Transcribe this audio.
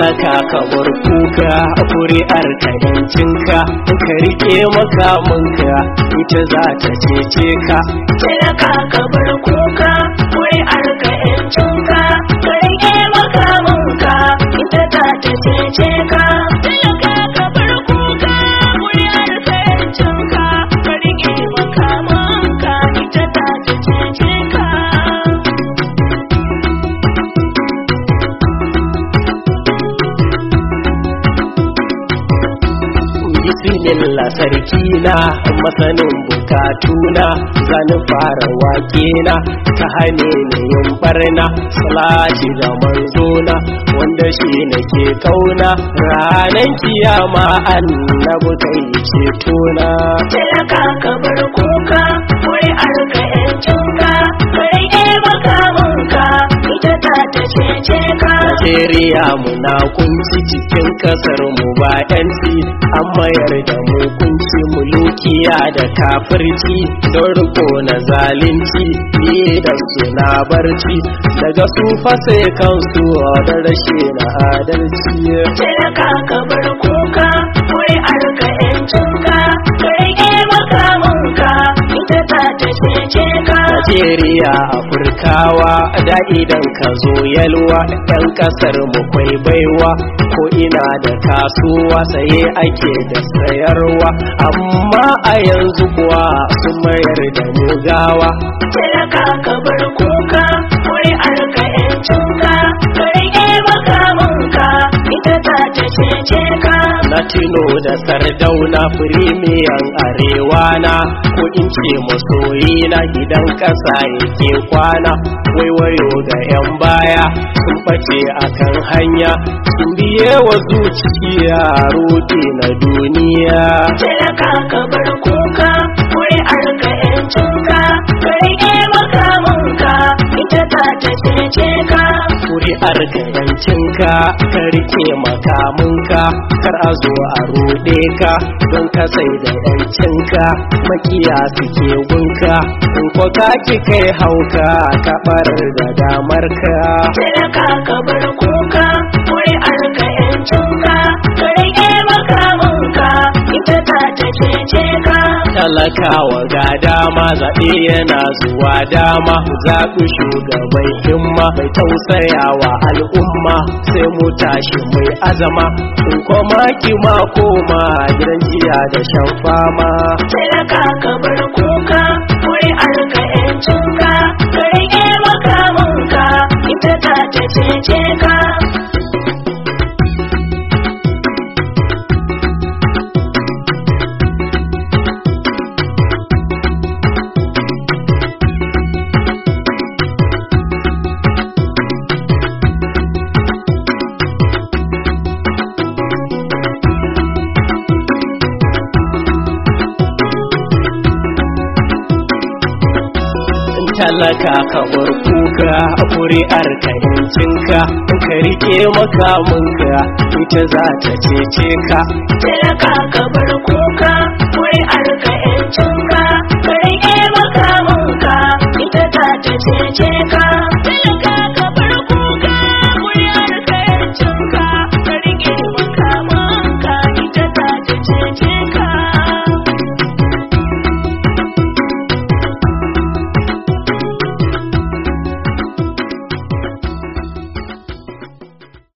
laka ka bar kuka kuri'ar ka yancinka ka rike makamanka ita za ta cece ka ka bar illa sarki na masanin bukatuna zanin fara wake na ta hane ne yin barna salati da manzo na wanda shi nake kauna ranan kiyama annabi kai cetona talaka ka kuka wuri arka yancinka bari ɗaya makamanka ita ta ta cece ka Najeriya muna kunci cikin kasar mu ba ɗan an mayar da mu kunci mulukiya da kafirci don riko na zalunci ni da suna barci daga su fasa kansu da rashe na adalci. Talaka ka bar kuka, wai Najeriya Afirkawa da idan ka zo yalwa ɗan ƙasar mu kwai baiwa ko ina da kasuwa saye ake da sayarwa amma a yanzu kuwa su mayar da mugawa. Talaka ka bar kuka wai arka 'yancinka ka rike makamanka ita ta ce ka. na tuno da sardauna firimiyan arewa na ko in ce masoyi na gidan ƙasa yake kwana waiwayo ga 'yan baya sun face kan hanya sun biye wa zuciya roƙe na duniya talaka ka bar kuka kuri arka 'yancinka ka ita ta tafi a rika yancinka ka rike makaminka kar a zo a ruɗe ka don ka sai da ɗancinka makiya suke gunka in ko ka ki kai hauka ka barar da damarka ka ka bar talakawa ga dama zaɓe yana zuwa dama za ku shugaban himma mai tausayawa al'umma sai mu tashi mai azama in koma ma koma gidan jiya da shan fama Laka ka bar kuka a ka yancinka in ka rike makaminka ita za ta cece ka talaka ka bar kuka